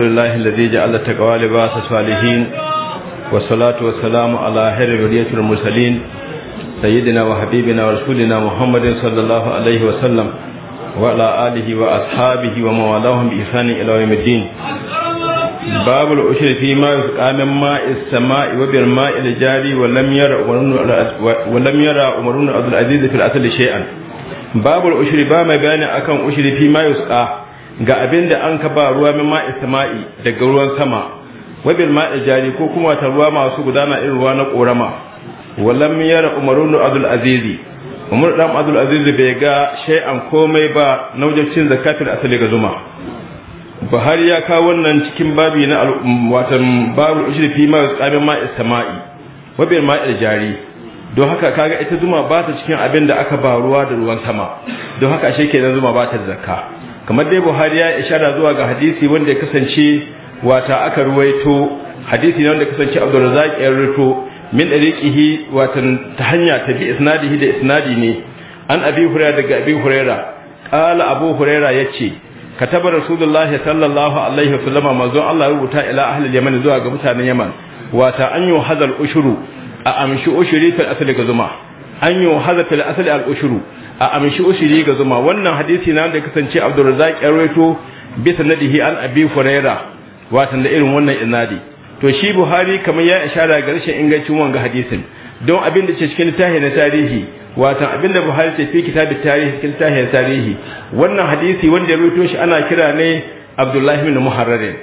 الله الذي جعل التقوى لباس الصالحين والصلاة والسلام على خير برية المرسلين سيدنا وحبيبنا ورسولنا محمد صلى الله عليه وسلم وعلى آله وأصحابه وموالاهم بإحسان إلى يوم الدين باب العشر فيما يسقى من ماء السماء وبالماء الجاري ولم يرى ولم يرى عمر بن عبد العزيز في الأصل شيئا باب العشر بما بيان أكم عشر فيما يسقى ga abin da an ka ba ruwa min ma sama'i daga ruwan sama wabil ma'i jari ko kuma ta ruwa masu gudana irin ruwa na korama wallam yara umarun abdul azizi umar dan abdul azizi bai ga an komai ba naujacin zakatul asali ga zuma buhari ya kawo wannan cikin babi na watan babu ushrifi ma tsamin ma isma'i wabil ma'i jari don haka kaga ita zuma ba ta cikin abin da aka ba ruwa da ruwan sama don haka ashe kenan zuma ba ta zakka kamar dai buhari ya ishara zuwa ga hadisi wanda ya kasance wata aka ruwaito hadisi ne wanda ya kasance abdurrazzaq ya ruwaito min dariqihi wata ta hanya ta bi isnadihi da isnadi ne an abi hurairah daga abi hurairah qala abu hurairah yace kataba rasulullahi sallallahu alaihi ma manzo Allah rubuta ila ahli yaman zuwa ga mutanen yaman wata an yu hadal ushuru a amshi ushuri fil asli ga zuma an yu hadal fil asli al ushuru a amshi ushiri ga zuma wannan hadisi na da kasance abdurrazzaq ya rawaito bi sanadihi an abi Furaira watan da irin wannan inadi to shi buhari kamar ya ishara ga rashin ingancin wanga hadisin don abin da ce cikin tahi na tarihi watan abin da buhari ce fi kitabin tarihi cikin na tarihi wannan hadisi wanda ya rawaito shi ana kira ne abdullahi bin muharrarin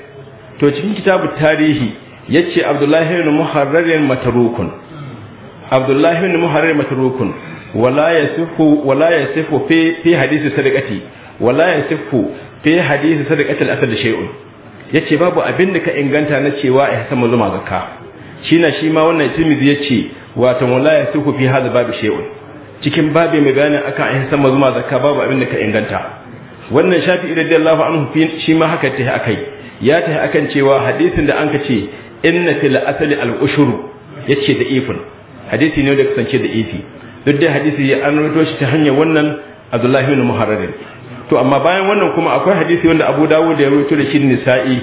to cikin kitabun tarihi yace abdullahi bin muharrarin matarukun abdullahi bin muharrarin matarukun wala yasifu wala yasifu fi fi hadisi sadaqati wala yasifu fi hadisi sadaqati al-asl shay'un yace babu abin da ka inganta na cewa ai hasan zuma zakka shine shi ma wannan Tirmidhi yace wato wala yasifu fi hadha babu shay'un cikin babu mai bayani akan ai hasan zuma zakka babu abin da ka inganta wannan Shafi'i radiyallahu anhu shi ma haka tahi akai ya tahi akan cewa hadisin da anka ce inna fil asli al-ushuru yace da ifin hadisi ne da kasance da ifi duk dai hadisi an rawaito shi ta hanyar wannan Abdullahi bin Muharrar to amma bayan wannan kuma akwai hadisi wanda Abu Dawud ya rawaito da shi Nisa'i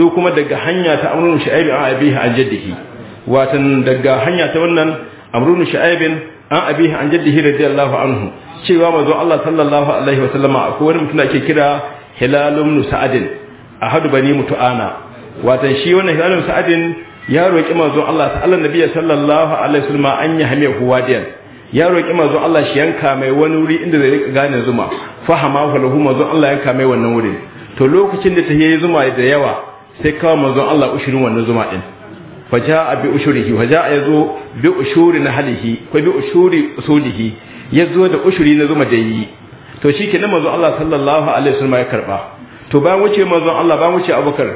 su kuma daga hanya ta Amrun Shu'aib an abihi an jaddihi watan daga hanya ta wannan Amrun Shu'aib an abihi an jaddihi radiyallahu anhu cewa manzo Allah sallallahu alaihi wa sallama akwai wani mutum da ake kira Hilalum Nusa'adin ahadu bani mutu'ana watan shi wannan Hilalum Sa'adin ya roki manzo Allah sallallahu alaihi wa sallam an yi hame huwadiyan ya roƙi mazo Allah shi yanka mai wani wuri inda zai rika gane zuma fahama lahu mazo Allah yanka mai wannan wuri to lokacin da ta yi zuma da yawa sai kawo mazo Allah ushurin wannan zuma din faja'a bi ushurihi faja'a yazo bi ushuri na halihi ko bi ushuri usulihi yazo da ushuri na zuma da yi to shikenan mazo Allah sallallahu alaihi wasallam ya karba to bayan wuce mazo Allah bayan wuce Abubakar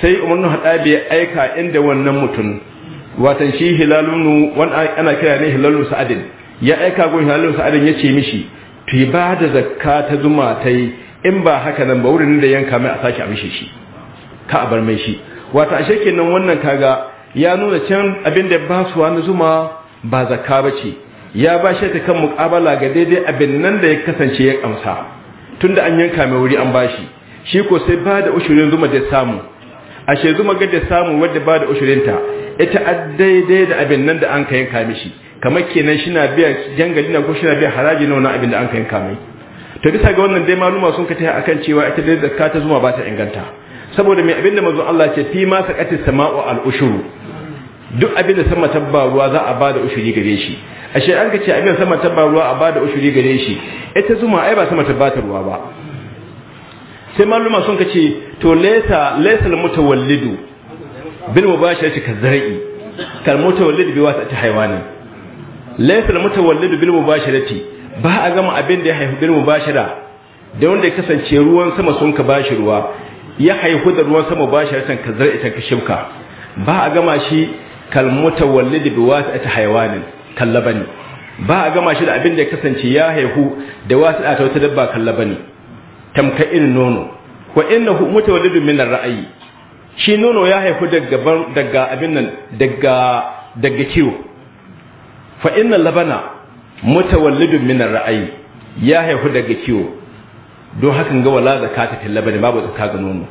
sai Umar bin Hadabi ya aika inda wannan mutum watan shi hilalunu wanda ana kira ne hilalun sa'adin ya aika gun halin sa'adin ya ce mishi fi ba da zakka ta zuma tai, in ba haka nan ba wurin da yanka mai a saki a mishi shi ka a bar mai shi wata ashe kenan wannan kaga ya nuna can abin da ba su wani zuma ba zakka bace ya ba shi ta kan muqabala ga daidai abin nan da ya kasance ya kamsa tun an yanka mai wuri an bashi shi ko sai ba da ushurin zuma da samu ashe zuma ga da samu wanda ba da ushirinta ita daidai da abin nan da an ka yanka mishi kamar kenan shi na biya jangali na ko shi na biya haraji na wani abin da an kayan kamai to bisa ga wannan dai maluma sun ka taya kan cewa ita dai zakka ta zuma ba ta inganta saboda mai abin da mazu Allah ce fi ma saqati sama'u al ushuru duk abin da sama tabba ruwa za a bada ushuri gare shi ashe an ka ce abin sama tabba ruwa a bada ushuri gare shi ita zuma ai ba sama tabba ta ruwa ba sai maluma sun ka ce to laysa laysal mutawallidu bil mubashirati kazra'i kal mutawallid bi wasati ta laifin mutawallidu bil mubashirati ba a gama abin da ya haifi bil mubashira da wanda ya kasance ruwan sama sun ka bashi ruwa ya haihu da ruwan sama bashiratan ka ita ka shimka ba a gama shi kal mutawallidu bi wasati hayawanin kallabani ba a gama shi da abin da ya kasance ya haihu da wasata ta wata dabba kallabani tamka in nono wa innahu mutawallidu min ar-ra'yi shi nono ya haihu daga daga abin nan daga daga ciwo fa inna labana mutawallidun min ra'ayi ya haihu daga ciwo don hakan ga wala zakata fil labani babu zakka ga nono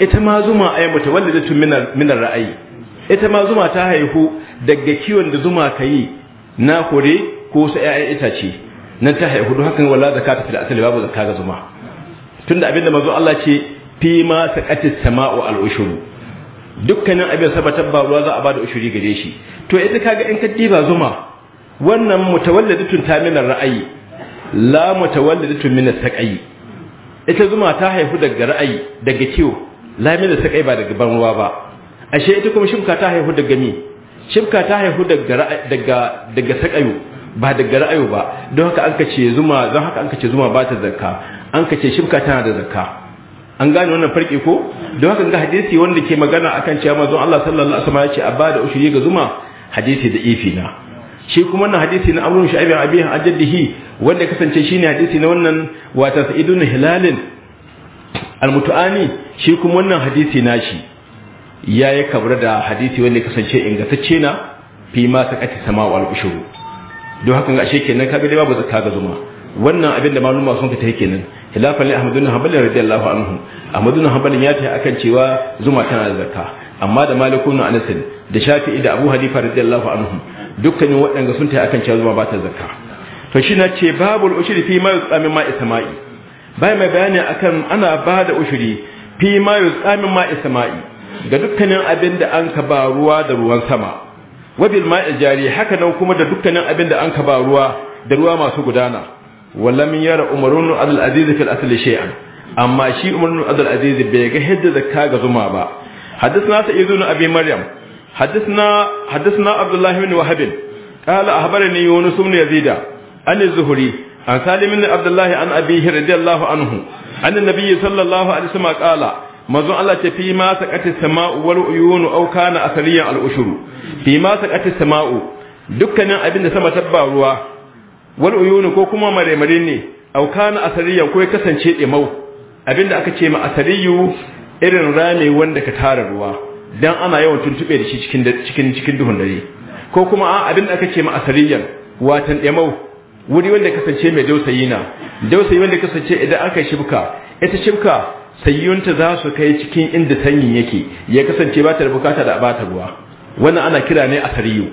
ita ma zuma ay mutawallidatun min min ra'ayi ita ma zuma ta haihu daga ciwon da zuma kai na kore ko su ita itace nan ta haihu don hakan wala zakata fil asali babu zakka ga zuma tunda abinda manzo Allah ce fi ma saqatis sama'u al-ushuru dukkanin abin sabatar ba ruwa za a bada ushuri gare shi to ita kaga in ka diba zuma wannan mutawalladatun ta min ra'ayi la mutawalladatun min saqai ita zuma ta haihu daga ra'ayi daga ciwo la min saqai ba daga banwa ba ashe ita kuma shimka ta haihu daga mi shimka ta haihu daga daga daga saqayo ba daga ra'ayi ba don haka an kace zuma don haka an kace zuma ba ta zakka an kace shimka tana da zakka an gane wannan farki ko don haka ga hadisi wanda ke magana akan cewa manzon Allah sallallahu alaihi wasallam ya ce a bada ushuri ga zuma hadisi da ifina. shi kuma wannan hadisi na amrun shu'aib abi ajaddihi wanda kasance shi ne hadisi na wannan wata sa'idun hilalin almutuani shi kuma wannan hadisi na shi ya yi kabra da hadisi wanda kasance ingantacce na fi ma sakati sama wal ushuru don haka ga kenan kaga ba za ka ga zuma wannan abin da maluma sun fita kenan khilafan li ahmadun hanbali radiyallahu anhu ahmadun hanbali ya ta akan cewa zuma tana da zakka amma da malikun anas da shafi'i da abu Hadifa radiyallahu anhu dukkanin waɗanda sun tayi akan cewa zuma ba ta zakka to shi na ce babu ushuri fi ma yusami ma isma'i bai mai bayani akan ana ba da ushuri fi ma yusami ma isma'i ga dukkanin abin da an ka ba ruwa da ruwan sama wabil ma'i jari haka nan kuma da dukkanin abin da an ka ba ruwa da ruwa masu gudana Wala min yara umarun adal aziz fil asli shay'an amma shi umarun adal aziz bai ga hidda zakka ga zuma ba hadisna sa'idun abi maryam حدثنا حدثنا عبد الله بن وهب قال أخبرني يونس بن يزيد عن الزهري عن سالم بن عبد الله عن أبيه رضي الله عنه عن النبي صلى الله عليه وسلم قال manzon Allah ce fi ma saqati sama'u wal uyunu aw kana athariyan al ushuru fi ma saqati sama'u dukkanin abin sama tabba ruwa wal uyunu ko kuma maremare ne aw kana athariyan kasance dimau abinda aka ce ma asariyu, irin rami wanda ka tara ruwa dan ana yawan tuntube da shi cikin cikin cikin duhun dare ko kuma a abin da aka ce ma asariyan watan yamau wuri wanda kasance mai dausayi na dausayi wanda kasance idan aka shibka ita shibka sayyunta za su kai cikin inda sanyin yake ya kasance ba ta bukata da bata ruwa wannan ana kira ne asariyu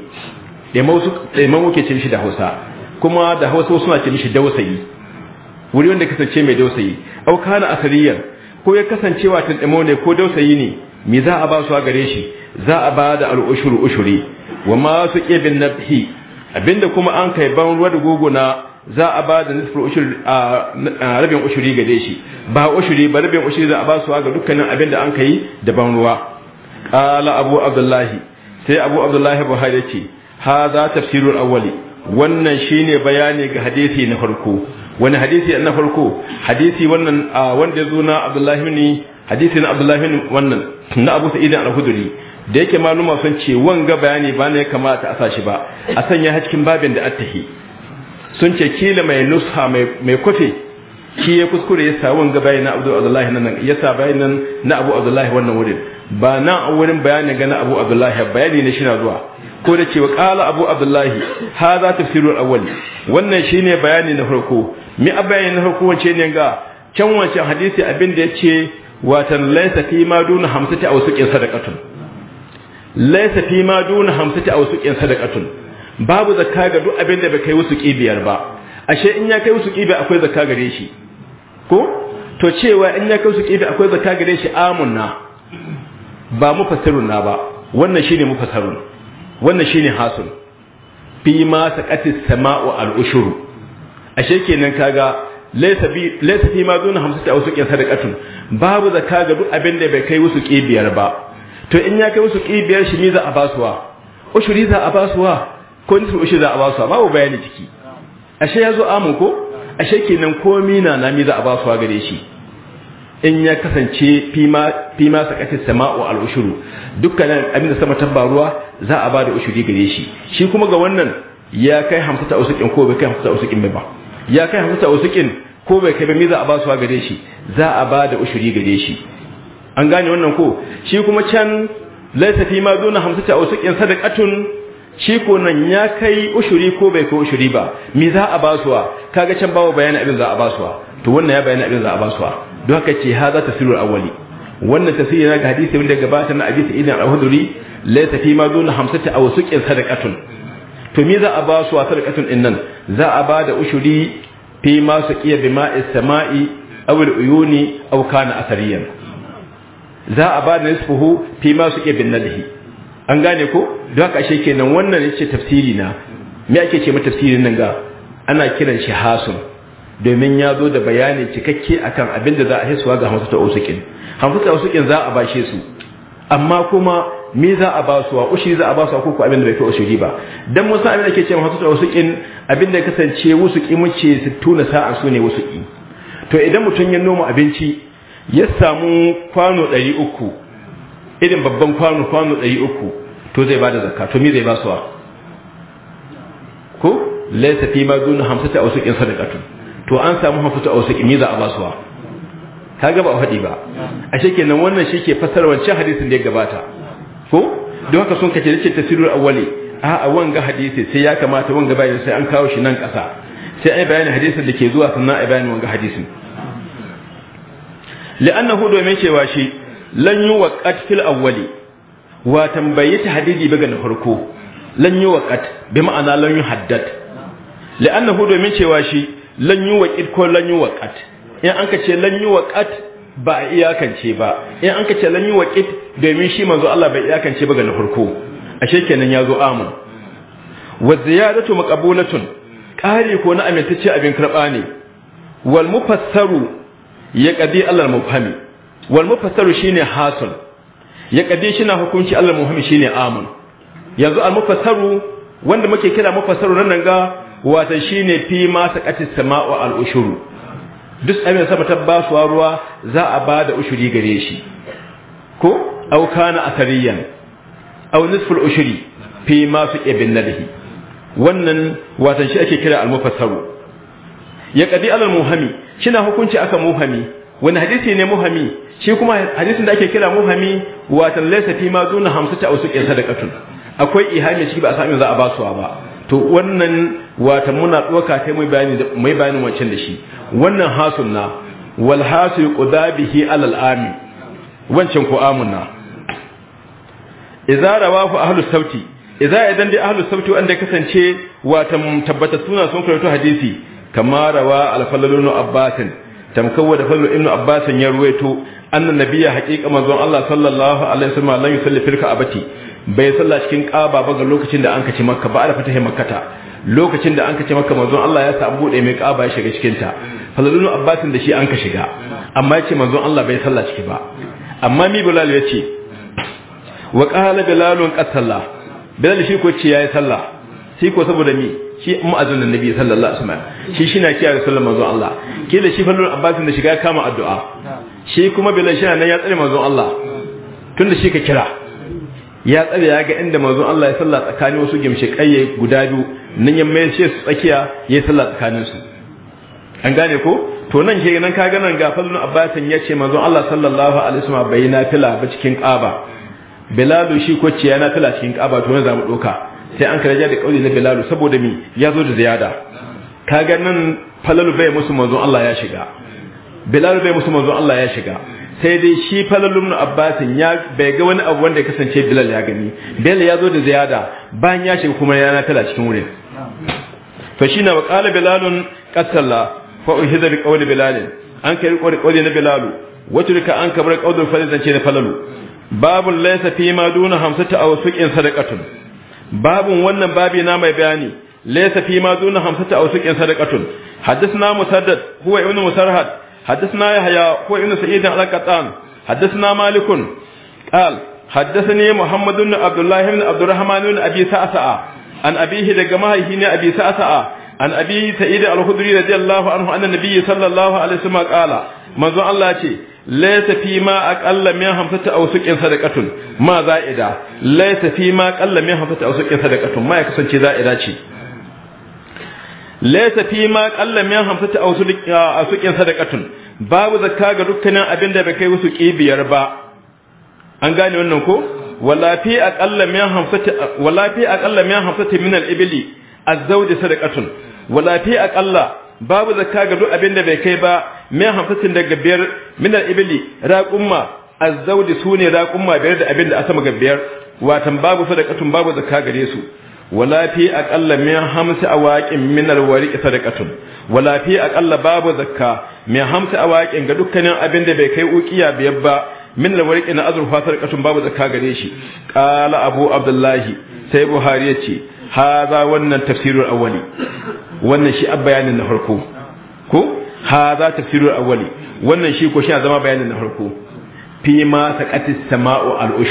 yamau su yamau ke ce shi da Hausa kuma da Hausa suna ce mishi dausayi wuri wanda kasance mai dausayi au kana asariyan ko ya kasancewa tandamo ne ko dausayi ne me za a ba su a gare shi za a ba da al'ushuru ushuri wa masu ƙibin nabhi abinda kuma an kai ban ruwa da guguna za a ba da nisfar ushuri a rabin ushuri gare shi ba ushuri ba rabin ushuri za a ba su a ga dukkanin abinda an kai da ban ruwa qala abu abdullahi sai abu abdullahi buhari ya ce yace hadha tafsirul awwali wannan shine bayani ga hadisi na farko wani hadisi na farko hadisi wannan wanda ya zo na abdullahi ne hadisi na abdullahi wannan na abu sa'id al-khudri da yake maluma sun ce wanga bayani ba ne kamata a sashi ba a sanya ha cikin babin da attahi sun ce kila mai nusha mai kofe shi ya kuskure ya sa wanga bayani na abu abdullahi nan ya sa bayani na abu abdullahi wannan wurin ba na a wurin bayani ga na abu abdullahi bayani ne shi na zuwa ko da cewa qala abu abdullahi hadha tafsirul awwal wannan shine bayani na farko mi a bayani na farko wace ne ga can wancan hadisi abin da yace watan laysa fi ma duna hamsati aw suqin sadaqatun laysa fi ma duna hamsati aw suqin sadaqatun babu zakka ga duk abin da bai kai wasu kibiyar ba ashe in ya kai wasu kibiyar akwai zakka gare shi ko to cewa in ya kai wasu kibiyar akwai zakka gare shi amunna ba mufassirun na ba wannan shine mufassirun wannan shine hasul fi ma saqatis sama'u al ushur ashe kenan kaga laisa fi ma duna hamsati wasu suqin sadaqatun babu zaka ga duk abin da bai kai wasu kibiyar ba to in ya kai wasu kibiyar shi ni za a basuwa ushuri za a basuwa ko nisu ushi za a basuwa babu bayani ciki ashe ya zo amu ko ashe kenan komi na nami za a basuwa gare shi in ya kasance fi ma sama sama'u al'ushuru dukkanin abinda sama tabbaruwa za a ba da ushuri gare shi shi kuma ga wannan ya kai hamsata usukin ko bai kai hamsata usukin ba ya kai hamsa usukin ko bai kai ba me za a ba su gare shi za a ba da ushuri gare shi an gane wannan ko shi kuma can laisa fi ma duna hamsata usukin sadaqatun shi ko nan ya kai ushuri ko bai kai ushuri ba me za a ba su kaga can bawo bayanin abin za a ba su to wannan ya bayanin abin za a ba su don haka ce hada a awwali wannan tafsiri na hadisi wanda gabata na abi idan al-hudri laisa fi ma duna wasu usukin sadaqatun to me za a ba su a din nan za a ba da ushuri fi ma su bi ma istama'i aw al-uyuni aw kana athariyan za a ba da nisfuhu fi ma su kiya bin nadhi an gane ko don haka ashe kenan wannan yace tafsiri na me ake ce ma tafsirin nan ga ana kiran shi hasun domin ya zo da bayanin cikakke akan abin da za a hisuwa ga hamsu ta usukin hamsu ta usukin za a bashe su amma kuma mi za a wa ushi za a basuwa ko ko abin da bai fi ushi ba dan mun san abin da ke cewa hasu usuqin abin da kasance wusuqi muce tuna sa'a su ne wusuqi to idan mutun ya noma abinci ya samu kwano 300 irin babban kwano kwano 300 to zai bada zakka to mi zai basuwa ko laysa fi ma dun 50 usuqin sadaqatu to an samu 50 usuqi mi za a basuwa kaga ba a ba a shekenan wannan shi ke fassarar wancan hadisin da ya gabata ko don haka sun kace yace tafsirul awwali a wanga hadisi sai ya kamata wanga bayan sai an kawo shi nan ƙasa sai ai bayanin hadisin da ke zuwa sannan ai bayanin wanga hadisin li'annahu domin cewa shi lan yi waqat fil awwali wa tambayi ta hadisi ba ga na farko lan yi waqat bi ma'ana lan yi haddad li'annahu domin cewa shi lan yi waqit ko lan yi waqat in an ka ce lan yi waqat ba a iyakance ba in an ka ce lan yi waqit domin shi manzo Allah bai iyakance ba ga na farko ashe kenan ya zo amu wa ziyadatu maqbulatun kare ko na amintacce abin karba ne wal mufassaru ya qadi Allah mufhami wal mufassaru shine hasul ya qadi na hukunci Allah mufhami shine amun yanzu al mufassaru wanda muke kira mufassaru nan ga wata shine fi ma sakati sama'u al ushuru duk abin sama tabbasuwa ruwa za a bada ushuri gare shi ko أو kana أثريا أو nisful ushri fi ma fi ibn nadhi wannan watan shi ake kira al-mufassaru alal muhami shina hukunci aka muhami wani hadisi ne muhami shi kuma hadisin da ake kira muhami watan laysa fi ma duna hamsata aw da sadaqatun akwai ihami shi ba za a ba to wannan watan muna tsoka ta mai bayani mai bayanin wancan da shi wannan hasunna wal hasu yuqda alal amin wancan ku amunna idza rawahu ahlus sauti iza idan dai ahlus sauti wanda kasance watan tabbata suna sun karanta hadisi kama rawa al-falal abbasin tamkawa da falal ibn abbasin ya ruwaito annan nabiyya haqiqa manzon Allah sallallahu alaihi wasallam lan yusalli fil ka'bati bai salla cikin kaba ba ga lokacin da an kace makka ba da fatahi makkata lokacin da an kace makka manzon Allah ya sa bude mai kaba ya shiga cikin ta falal ibn abbasin da shi an ka shiga amma yace manzon Allah bai salla ciki ba amma mi bulal yace wa qala bilalun qatalla bilal shi ko ce yayi sallah shi ko saboda mi shi mu'azzin nabi sallallahu alaihi wasallam shi shina kiyaye sallar manzon Allah da shi fallon abbasin da shiga kama addu'a shi kuma bilal shi nan ya tsare manzon Allah tunda shi ka kira ya tsare ya ga inda manzon Allah ya salla tsakanin wasu gimshi kayye guda biyu nan ya mai shi su tsakiya ya salla tsakanin su an gane ko to nan ke nan ka ga nan ga fallon abbasin ya ce manzon Allah sallallahu alaihi wasallam bai na fila ba cikin ƙaba. bilalu shi ko ciya na fila cikin kaba to ne za doka sai an karaja da kauli na bilalu saboda mi ya zo da ziyada kaga nan falalu bai musu manzo Allah ya shiga bilalu bai musu manzo Allah ya shiga sai dai shi falalu ibn abbas ya bai ga wani abu wanda ya kasance bilal ya gani bilal ya zo da ziyada bayan ya shiga kuma yana fila cikin wurin to shine wa qala Bilal qatalla fa uhida bi qawli bilal an kai qawli na bilalu da ka an kabar kaudar zance na falalu babun laysa fi ma duna hamsati aw suqin sadakatun. babun wannan babi na mai bayani laysa fi ma duna hamsati aw suqin sadaqatun haddathna musaddad huwa ibnu musarhad haddathna yahya huwa ibnu sa'id al-qattan haddathna malikun qal حدثني محمد بن عبد الله بن عبد الرحمن بن ابي سعسعه عن ابيه دجما هنا ابي سعسعه عن ابي سعيد الخدري رضي الله عنه ان النبي صلى الله عليه وسلم قال منذ الله ce laysa fi ma aqalla min hamsati aw suqin sadaqatun ma za'ida laysa fi ma aqalla min hamsati aw suqin sadaqatun ma ya kasance za'ida ce laysa fi ma aqalla min hamsati aw suqin ah, sadaqatun babu zakka ga dukkanin abin da bai kai wasu kibiyar ba an gane wannan ko wala fi aqalla min hamsati wala fi aqalla min hamsati min al-ibli az-zawj sadaqatun wala fi aqalla babu zakka ga duk abin da bai kai ba min hamsatin daga biyar min al-ibli raqumma az-zawdi sune raqumma biyar da abin da asama ga biyar watan babu sadaqatun babu zakka gare su wala fi aqalla min hamsi awaqin min al-wariq sadaqatun wala fi aqalla babu zakka min hamsi awaqin ga dukkanin abin da bai kai ukiya biyar ba min al-wariq na fasar katun babu zakka gare shi qala abu abdullahi sai buhari yace haza wannan tafsirul awwali wannan shi bayanin na farko ko haza tafsirul awwali wannan shi ko shi zama bayanin na farko fi ma saqatis sama'u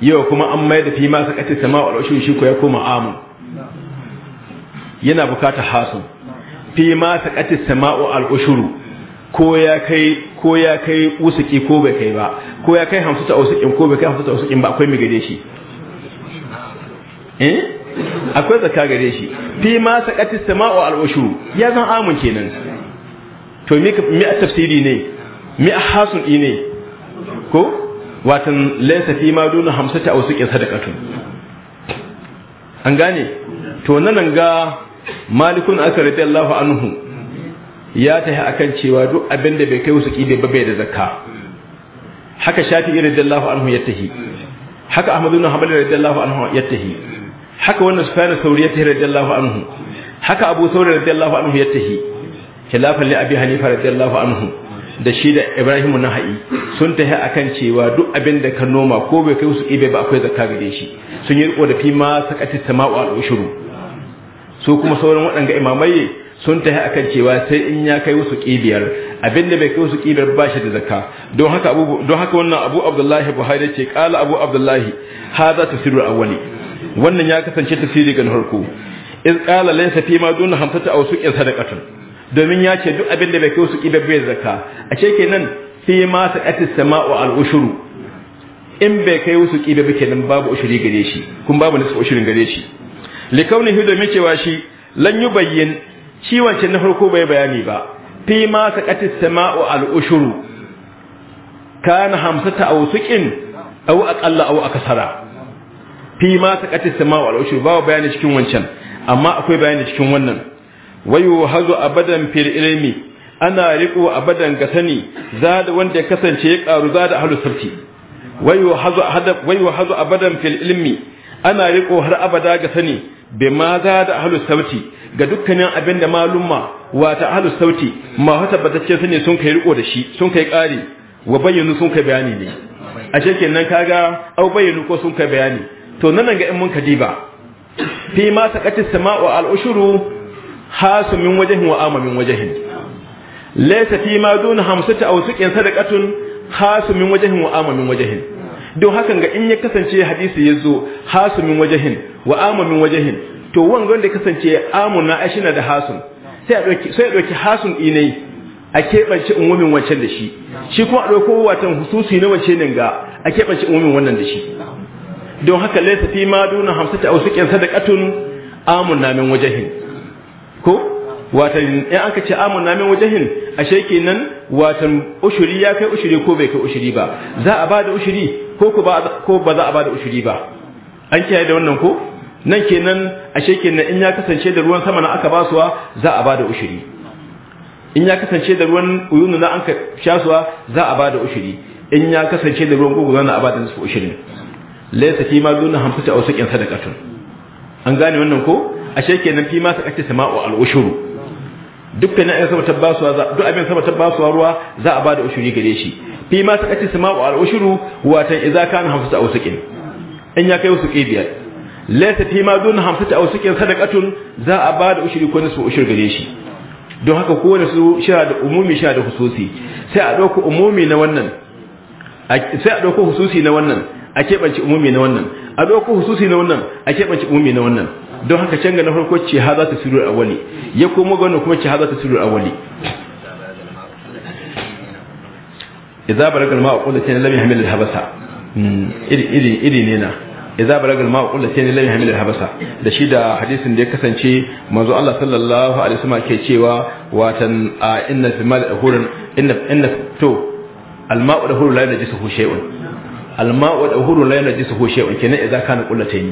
yau kuma an mai da fi ma saqatis sama'u shi ko ya koma amu yana bukata hasu fi ma saqatis sama'u al ko ya kai ko ya ko bai kai ba ko ya kai hamsu ta usukin ko bai kai hamsu ta usukin ba akwai migade shi eh akwai zakka gare shi fi ma saqati sama'u al ushu ya zan amun kenan to me me tafsiri ne me hasun ne ko watan laysa fi ma duna hamsata aw suqin sadaqatu an gane to nan ga malikun aka Allahu anhu ya tahi akan cewa duk abin da bai kai wasu da ba bai da zakka haka shafi'i radiyallahu anhu ya tahi haka ahmadu bin hanbal radiyallahu anhu ya tahi haka wannan sufyanu sauri ya tahi radiyallahu anhu haka abu sauri radiyallahu anhu ya tahi khilafan li abi hanifa radiyallahu anhu da shi da ibrahim naha'i sun tahi akan cewa duk abin da ka noma ko bai kai su ibe ba akwai zakka gare shi sun yi riko da fi ma sakati sama'u al ushuru su kuma sauran waɗanga imamai sun tahi akan cewa sai in ya kai su kibiyar abin da bai kai su kibiyar ba shi da zakka don haka abu don haka wannan abu abdullahi buhari ce kala abu abdullahi hadha tasirul awwali wannan ya kasance tafsiri ga harko iz qala laysa fi ma dun hamsata aw suqi sadaqatun domin ya ce duk abin da bai kai suqi babbe zakka a ce kenan fi ma saqatis sama'u al ushuru in bai kai suqi babbe kenan babu ushuri gare shi kun babu nisa ushurin gare shi likaunin hido mai cewa shi lan yi bayyin ciwancin na harko bai bayani ba fi ma saqatis sama'u al ushuru kana hamsata aw suqin aw aqalla aw akasara fi ma taqati sama wal ushur ba bayani cikin wancan amma akwai bayani cikin wannan wayu hazu abadan fil ilmi ana riku abadan ga sani zada wanda ya kasance ya karu zada ahlus sabti wayu hazu wayu hazu abadan fil ilmi ana riƙo har abada ga sani bai ma za da halu sauti ga dukkanin abin da malumma wata halu sauti ma wata batacce sani sun kai riƙo da shi sun kai ƙari wa bayyanu sun kai bayani ne a shekin nan kaga au bayyanu ko sun kai bayani to nan ga in mun kadiba fi ma sakati sama'u al ushuru hasu min wajhin wa ama min wajhin laysa fi ma dun hamsata aw sukin sadaqatun hasu min wajhin wa ama min wajhin don hakan ga in ya kasance hadisi yazo hasu min wajhin wa ama min wajhin to wanda da kasance amuna ashina da hasun sai a doki sai a doki hasun dinai a keɓance umumin wancan da shi shi kuma a ɗauko watan hususi na wancan ga a keɓance umumin wannan da shi don haka laysa fi ma duna hamsata aw sukin sadaqatun amun namin wajahin ko watan in anka ce amun namin wajahin ashe kenan watan ushuri ya kai ushuri ko bai kai ushuri ba za a bada ushuri ko ko ba ko ba za a bada ushuri ba an kiyaye da wannan ko nan kenan ashe kenan in ya kasance da ruwan sama na aka basuwa za a bada ushuri in ya kasance da ruwan uyunu na an ka shasuwa za a bada ushuri in ya kasance da ruwan gugu na a bada nisfu ushirin laysa fi ma duna hamsati aw sakin sadaqatun an gane wannan ko ashe kenan fi ma sakati sama'u al ushuru dukkan ayan sama tabbasuwa za duk abin sama tabbasuwa ruwa za a bada ushuri gare shi fi ma sakati sama'u al ushuru watan idza kana hamsati aw sakin in ya kai wasu biyar laysa fi ma duna hamsati aw sakin sadaqatun za a bada ushuri ko nasu ushur gare shi don haka kowane su sha da umumi sha da hususi sai a dauko umumi na wannan sai a dauko hususi na wannan a keɓance umumi na wannan a ɗauko hususi na wannan a keɓance umumi na wannan don haka canga na farko ce ha za ta a wali, ya komo ga wannan kuma ce ha za ta a wali idza baragal ma'a qullatayn lam yahmil al-habasa hmm, iri iri iri ne na idza baragal ma'a qullatayn lam yahmil al-habasa da shi da hadisin da ya kasance manzo Allah sallallahu alaihi wasallam ke cewa watan inna fi mal ahurun inna inna to al-ma'u dahuru la yajisu shay'un alma'u da hurun la yanjisu hu wanke kenan idza kana qullatayn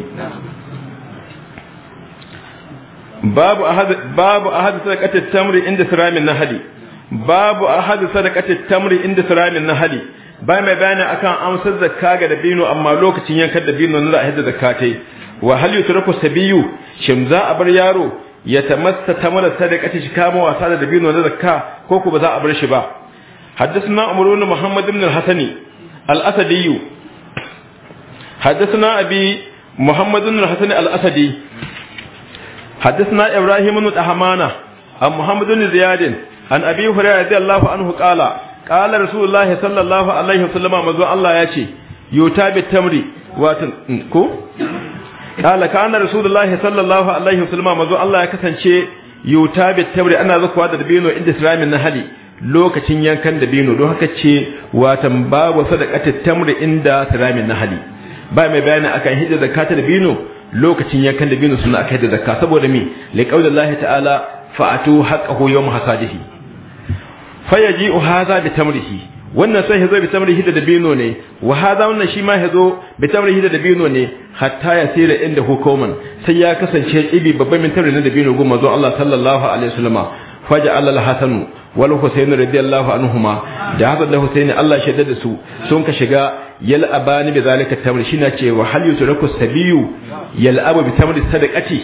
babu ahad babu ahad sadaqati tamri inda siramin nahli babu ahad sadaqati tamri inda siramin nahli ba mai bayani akan amsar zakka ga dabino amma lokacin yankar dabino na za a hidda zakatai wa hal yutraku sabiyu shin za a bar yaro ya tamassa tamara sadaqati shi kama wasa da dabino na zakka ko ku ba za a bar shi ba حدثنا عمر بن Muhammadu بن hasani الأسدي حدثنا أبي محمد بن الحسن الأسدي حدثنا إبراهيم بن أحمانة عن محمد بن زياد عن أبي هريرة رضي الله عنه قال قال رسول الله صلى الله عليه وسلم مزوى الله يأتي يتابع التمر واتن كو قال كان رسول الله صلى الله عليه وسلم مزوى الله يكسن شيء يتابع التمر أنا ذكوا هذا البين عند سلام النهلي lokacin yankan dabino don haka ce watan babu ta tamri inda tiramin nahali ba mai bayani akan hidda zakatul dabino lokacin yankan dabino suna aka hidda zakka saboda me li qaulillahi ta'ala fa'atu haqqahu yawm hasadihi fayaji'u hadha bi tamrihi wannan sai yazo bi tamrihi da dabino ne wa hadha wannan shi ma yazo bi tamrihi da dabino ne hatta ya sira inda hukuman sai ya kasance ibi babban min tamri na dabino goma zo Allah sallallahu alaihi wasallama faja al hasanu wal Husayn radiyallahu anhuma da haka da Husayn Allah ya shaddada su sun ka shiga yal abani bi zalika tamr shi na ce wa hal yutraku sabiyu yal abu bi tamr sadaqati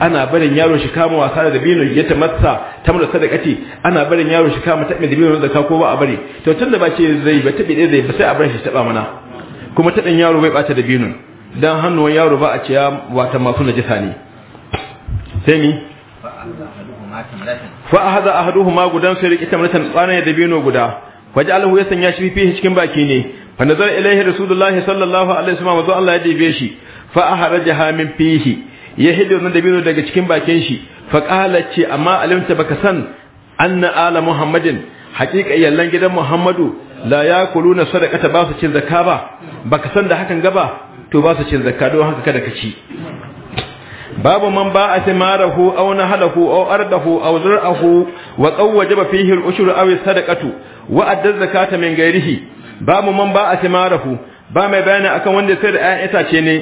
ana barin yaro shi kama wasa da dabino ya tamatsa tamr sadaqati ana barin yaro shi kama tabe dabino da ko ba a bari to tunda ba ce zai ba tabe zai ba sai a bar shi taba mana kuma tabin yaro bai bata dabino dan hannuwan yaro ba a ya wata masu najisa ne sai ni fa ahadha ahaduhuma gudan sai rike tamratan tsana da bino guda waje alhu ya sanya shi fi cikin baki ne fa nazar ilaihi rasulullahi sallallahu alaihi wasallam wazo Allah ya dibe shi fa aharajaha min fihi ya hidda wannan dabino daga cikin bakin shi fa qala ce amma alimta baka san anna ala muhammadin haqiqa yallan gidan muhammadu la yakuluna sadaqata ba su cin zakka ba baka san da hakan gaba to ba su cin zakka don haka kada ka ci babu man ba a simarahu aw nahalahu aw ardahu aw zur'ahu wa qawwajaba fihi al-ushur aw sadaqatu wa adda zakata min ghairihi babu man ba a simarahu ba mai bayani akan wanda sai da ayan itace ne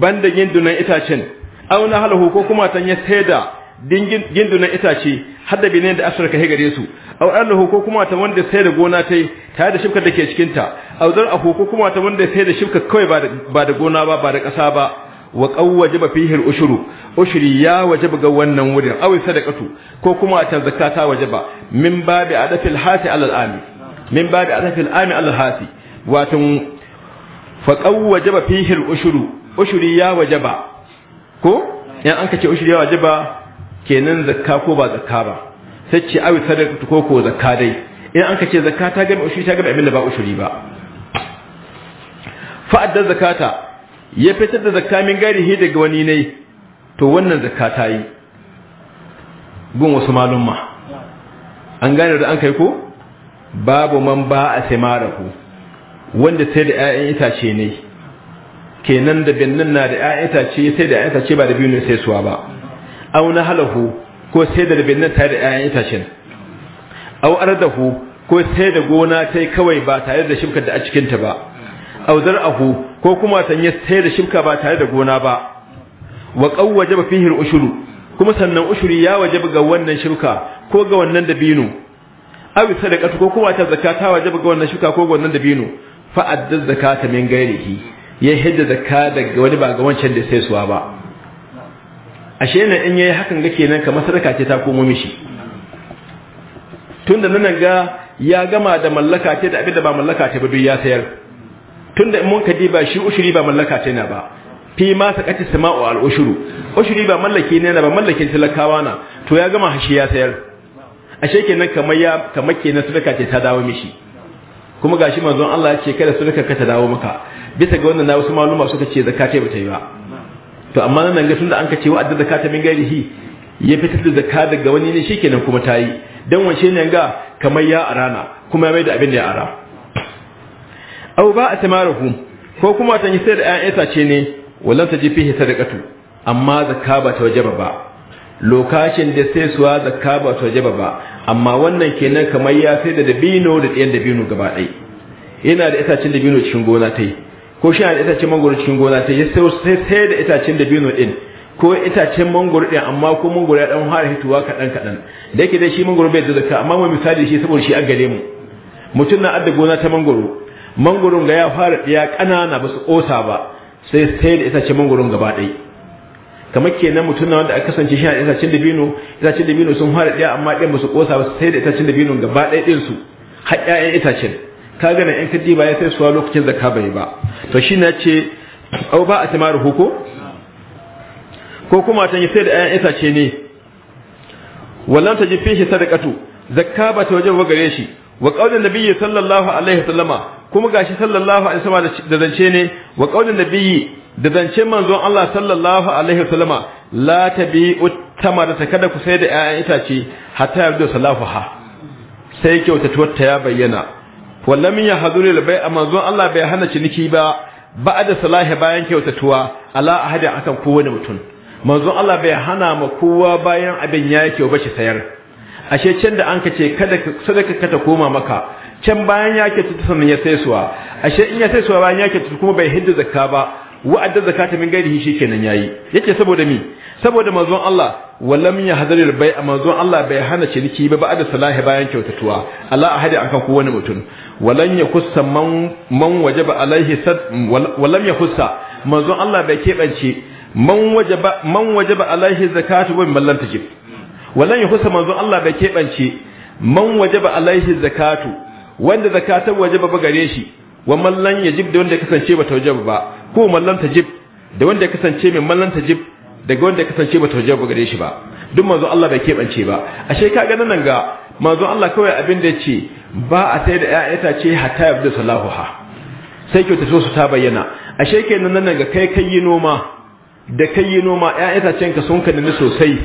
banda gindunan itacen aw nahalahu ko kuma tan ya sai da gindunan itace hadda bi ne da asarka he gare su aw ardahu ko kuma ta wanda sai da gona tai tare da shifkar da ke cikin ta aw zur'ahu ko kuma ta wanda sai da shifkar kawai ba da gona ba ba da kasa ba wa qawwaje ba fihi al-ushru ushri ya wajaba ga wannan wurin aw sadaqatu ko kuma ta zakata wajaba min babi al hati ala al-ami min babi al ami ala al-hati Watan fa qawwaje ba fihi al-ushru ushri ya wajaba ko yan an kace ushri ya wajaba kenan zakka ko ba zakka ba sai ce aw sadaqatu ko ko zakka dai in an kace zakka ta ga ushri ta ga abin da ba ushri ba adda zakata ya fitar da zakamin min garihi daga wani ne to wannan zakka ta yi gun wasu malumma an gane da an kai ko babu man ba a ku. wanda sai da ƴaƴan itace ne kenan da binnan na da ƴaƴan itace sai da ƴaƴan itace ba da biyu ne sai suwa ba aw na halahu ko sai da binnan ta da ƴaƴan itacen aw ardahu ko sai da gona tai kawai ba tare da shibkar da a cikin ta ba aw zar'ahu ko kuma tan ya sayar da shirka ba tare da gona ba wa qawwaja ba fihi ushuru kuma sannan ushuri ya wajaba ga wannan shirka ko ga wannan dabino abi sadaqatu ko kuma ta zakata wajaba ga wannan shirka ko ga wannan dabino fa adda zakata min gairihi ya hidda zakka daga wani ba ga wancan da sai suwa ba ashe ne in yayi hakan ga kenan kamar sadaka ce ta komo mishi tunda nan ga ya gama da mallaka ce da abin da ba mallaka ce ba duk ya sayar tunda in mun kadi ba shi ushuri ba mallaka ta na ba fi ma sama'u al ushuru ushuri ba mallake ne na ba mallakin talakawa na to ya gama hashi ya sayar ashe kenan kamar ya kamar kenan sadaka ce ta dawo mishi kuma gashi manzon Allah ya ce kada sadaka ka ta dawo maka bisa ga wannan na wasu maluma suka ce zakata ba ta yi ba to amma nan ga tunda an ka ce wa adda zakata min gairihi ya fitar da zakka daga wani ne kenan kuma ta yi dan wace ne ga kamar ya arana kuma ya mai da abin da ya ara aw ba tamaruhu ko kuma tan sai da ƴaƴan itace ne wallan ta ji fihi sadaqatu amma zakka ba ta wajaba ba lokacin da sai suwa zakka ba ta wajaba ba amma wannan kenan kamar ya sai da dabino da ɗayan dabino gaba ɗaya yana da itacen dabino cikin gona ta ko shi da itacen mangoro cikin gona ta ya sai sai da itacen dabino din ko itacen mangoro din amma ko mangoro ya dan fara hituwa kaɗan kaɗan da yake dai shi mangoro bai da zakka amma mu misali shi saboda shi an gare mu mutum na adda gona ta mangoro mangurin ga ya fara ɗiya ƙanana ba su ƙosa ba sai sai da itacen mangurin gaba ɗai kamar kenan mutum na wanda aka kasance shi a itacen dabino itacen dabino sun fara ɗiya amma ɗin ba su ƙosa ba sai da itacen dabino gaba ɗai ɗin su har ƴaƴan itacen ka gana ƴan kaddi ba ya sai suwa lokacin zakka bai ba to shi na ce au ba a tamar huko ko kuma ta yi sai da ƴaƴan itace ne wallan ta ji shi sadakatu zakka ba ta wajen wa gare shi wa qaulin nabiyyi sallallahu alaihi wasallama kuma gashi sallallahu alaihi wasallam da zance ne wa qaulin nabiyyi da zance manzon Allah sallallahu alaihi wasallama la tabi'u tamarata kada ku sai da ƴaƴan itace hatta yabdu salafaha sai kyautatuwar ta ya bayyana wallam ya haduri labai a manzon Allah bai hana ciniki ba ba da salahi bayan kyautatuwa ala ahadi akan kowane mutum manzon Allah bai hana ma kowa bayan abin ya kyau bace sayar ashe can da an kace kada sadaka ka ta koma maka can bayan ya ke tuta sannan ya sai suwa ashe in ya sai suwa bayan ya ke tuta kuma bai hidda zakka ba wa'adda zakata min gairihi shikenan yayi yake saboda mi saboda manzon Allah walam ya hadari bai manzon Allah bai hana ciniki ba ba'da salahi bayan kyautatuwa Allah ahadi akan ko wani mutum walan ya kussa man man wajaba alaihi sad walam ya kussa manzon Allah bai kebance man wajaba man wajaba alaihi zakatu wa man lam tajib walan ya kussa manzon Allah bai kebance man wajaba alaihi zakatu wanda zakatan wajaba ba gare shi wa mallan yajib da wanda kasance ba tawajaba ba ko mallan tajib da wanda kasance mai mallan tajib daga wanda kasance ba tawajaba gare shi ba duk manzo Allah bai kebance ba ashe kaga nan ga manzo Allah kawai abin da yace ba a sai da ƴaƴata ce hatta yabda salahuha sai kyauta so su ta bayyana ashe kenan nan ga kai kai yi noma da kai yi noma ƴaƴata ka sun ni sosai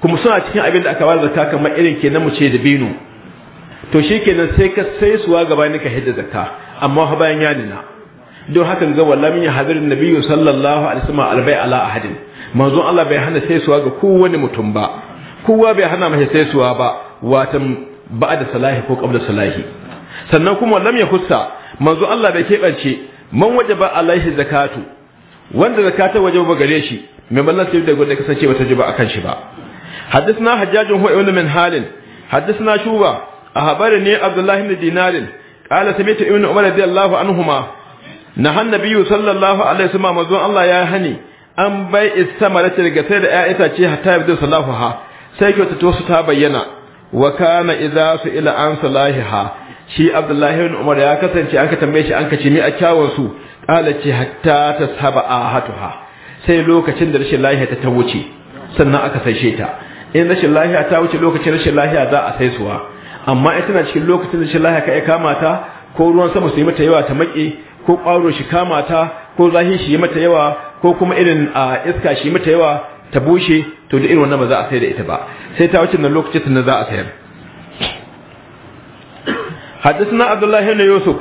kuma suna cikin abin da aka ba zakka kamar irin kenan mu ce da binu to shi kenan sai ka sai suwa gaba ka hidda zakka amma ha bayan ya nuna don hakan ga wallahi min hadir nabiyyu sallallahu alaihi wasallam albai ala ahadin manzo Allah bai hana sai suwa ga kowane mutum ba kowa bai hana mai sai suwa ba watan ba'da salahi ko qabla salahi sannan kuma lam yakussa manzo Allah bai kebance man wajaba alaihi zakatu wanda zakata wajaba ba gare shi mai ballan sai da gode kasance bata jiba akan shi ba hadisna hajjajun huwa ibn halin hadisna shuba أخبرني عبد الله بن دينار قال سمعت ابن عمر رضي الله عنهما نهى النبي صلى الله عليه وسلم مزون الله يا هني an bai istamara ce daga sai da ya itace hatta ya bidin salafaha sai kyautata wasu ta bayyana wa kana idza ila an salahiha shi abdullahi ibn umar ya kasance an ka tambaye shi an kace mi a kyawun su kala ce hatta tasaba ahatuha sai lokacin da rashin lahiya ta wuce sannan aka saishe ta in rashin lahiya ta wuce lokacin rashin lahiya za a saisuwa amma in tana cikin lokacin da shi lahiya ka ya kama ko ruwan sama su yi mata yawa ta maƙe ko ƙwaro shi kama ta ko zahi shi yi mata yawa ko kuma irin a iska shi mata yawa ta bushe to da irin wannan ba za a sayar da ita ba sai ta wuce nan lokacin da za a sayar حدثنا عبد الله بن يوسف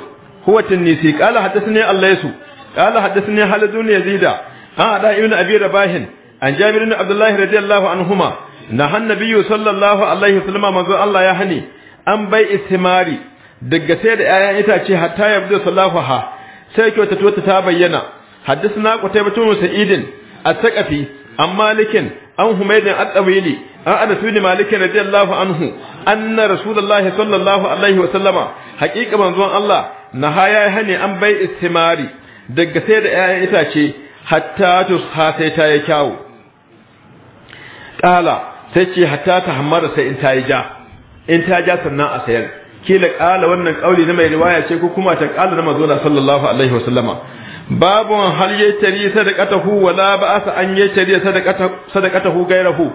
هو التنيسي قال حدثني الليث قال حدثني خالد بن يزيد عن عداء بن ابي رباح عن جابر بن عبد الله رضي الله عنهما نهى النبي صلى الله عليه وسلم من الله يهني an bai istimari daga sai da ƴaƴan itace hatta sallahu ha, sai kyauta tuta ta bayyana haddathna qutaybatu sa'idin at-taqafi an malikin an humaydin at-tawili an anas bin malik radiyallahu anhu anna rasulullahi sallallahu alaihi wa sallama haqiqa manzon Allah na nahaya hani an bai istimari daga sai da ƴaƴan itace hatta tusha sai ta ya kyau. qala sai ce hatta ta hamara sai in ta yi ja in ta ja sannan a sayar kila kala wannan kauli na mai riwaya ce ko kuma ta kala na mazuna sallallahu alaihi wasallama babu hal ya tari sadaqatahu wala ba'asa an ya tari sadaqatahu sadaqatahu gairahu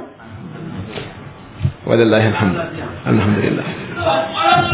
wallahi alhamdulillah alhamdulillah